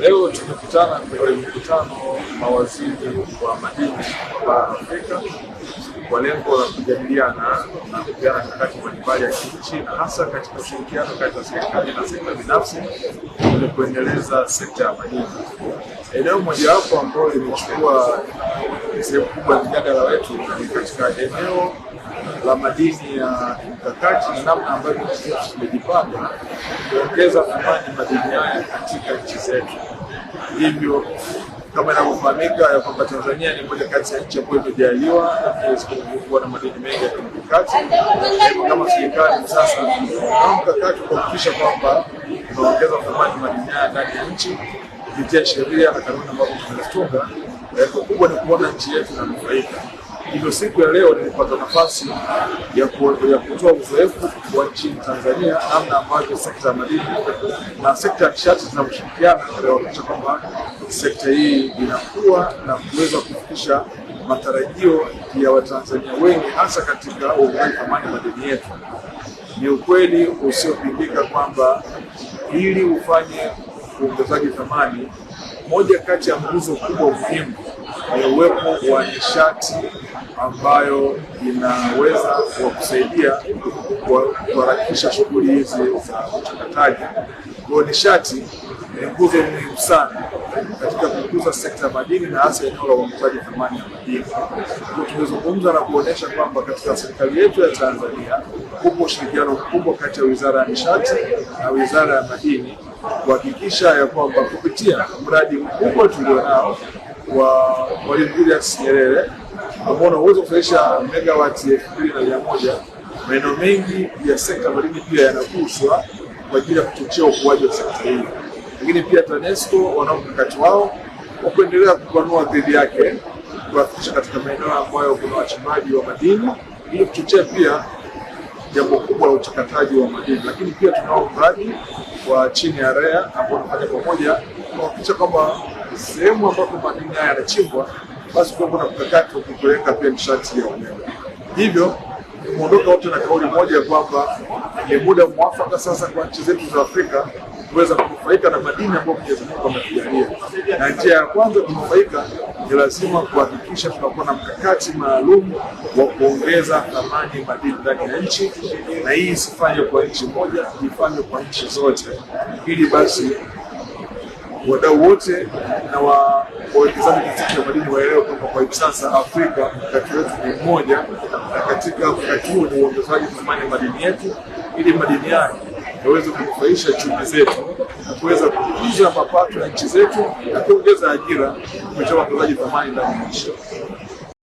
Leo tumekutana kwenye mkutano mawaziri wa madini wa Afrika kwa lengo la kujadiliana na kupeana mikakati mbalimbali ya kinchi na hasa katika ushirikiano kati ya serikali na sekta binafsi ili kuendeleza sekta ya madini. Eneo mojawapo ambayo limechukua sehemu kubwa ya mjadala wetu ni katika eneo la madini ya mkakati na namna ambavyo tumejipanga zimejipanga kuongeza thamani madini haya katika nchi zetu. Hivyo kama inavyofahamika ya kwamba Tanzania ni moja kati ya nchi ambayo imejaliwa kuwa na madini mengi ya kimkakati. kama serikali sasa na mkakati kuhakikisha kwamba tunaongeza thamani madini haya ndani ya nchi kupitia sheria na kanuni ambazo tumezitunga. Kubwa ni kuona nchi yetu inanufaika. Hivyo siku ya leo nilipata nafasi ya kutoa uzoefu wa nchini Tanzania, namna ambavyo sekta ya madini na sekta ya nishati zinavyoshirikiana kuhakikisha kwamba sekta hii inakuwa na kuweza kufikisha matarajio ya Watanzania wengi, hasa katika uungaji thamani madini yetu. Ni ukweli usiopingika kwamba ili ufanye uongezaji thamani, moja kati ya nguzo kubwa muhimu ya uwepo wa nishati ambayo inaweza kuwakusaidia kuharakisha shughuli hizi za uchakataji. Kwa nishati ni nguzo muhimu sana katika kukuza sekta ya madini na hasa eneo la uongezaji thamani ya madini. Tumezungumza na kuonyesha kwamba katika serikali yetu ya Tanzania hupo ushirikiano mkubwa kati ya Wizara ya Nishati na Wizara ya Madini kuhakikisha ya kwamba kupitia mradi mkubwa tulionao wa Mwalimu Julius Nyerere ambao unaweza kufanisha megawati elfu mbili na mia moja. Maeneo mengi ya sekta madini pia yanaguswa kwa ajili ya kuchochea ukuaji wa sekta hii, lakini pia TANESCO wanao mkakati wao wa kuendelea kupanua dhidi yake kuhakikisha katika maeneo ambayo kuna wachimbaji wa madini ili kuchochea pia jambo kubwa la uchakataji wa madini. Lakini pia tunao mradi wa chini ya REA ambao tunafanya pamoja kuhakikisha kwamba sehemu ambapo madini haya yanachimbwa, basi kuwepo na mkakati wa kupeleka pia nishati ya umeme. Hivyo tumeondoka wote na kauli moja ya kwamba ni muda mwafaka sasa kwa nchi zetu za Afrika kuweza kunufaika na madini ambayo Mwenyezi Mungu na njia ya kwanza kunufaika ni lazima kuhakikisha tunakuwa na mkakati maalum wa kuongeza thamani madini ndani ya nchi, na hii isifanywe kwa nchi moja, ifanywe kwa nchi zote, ili basi wadau wote na wa wawekezaji katika madini waelewe kwamba kwa hivi sasa Afrika mkakati wetu ni mmoja, na katika mkakati huu ni uongezaji thamani ya madini yetu, ili madini yayo yaweze kunufaisha chumi zetu na kuweza kukuza mapato ya nchi zetu na kuongeza ajira kupitia uongezaji thamani ndani ya nchi.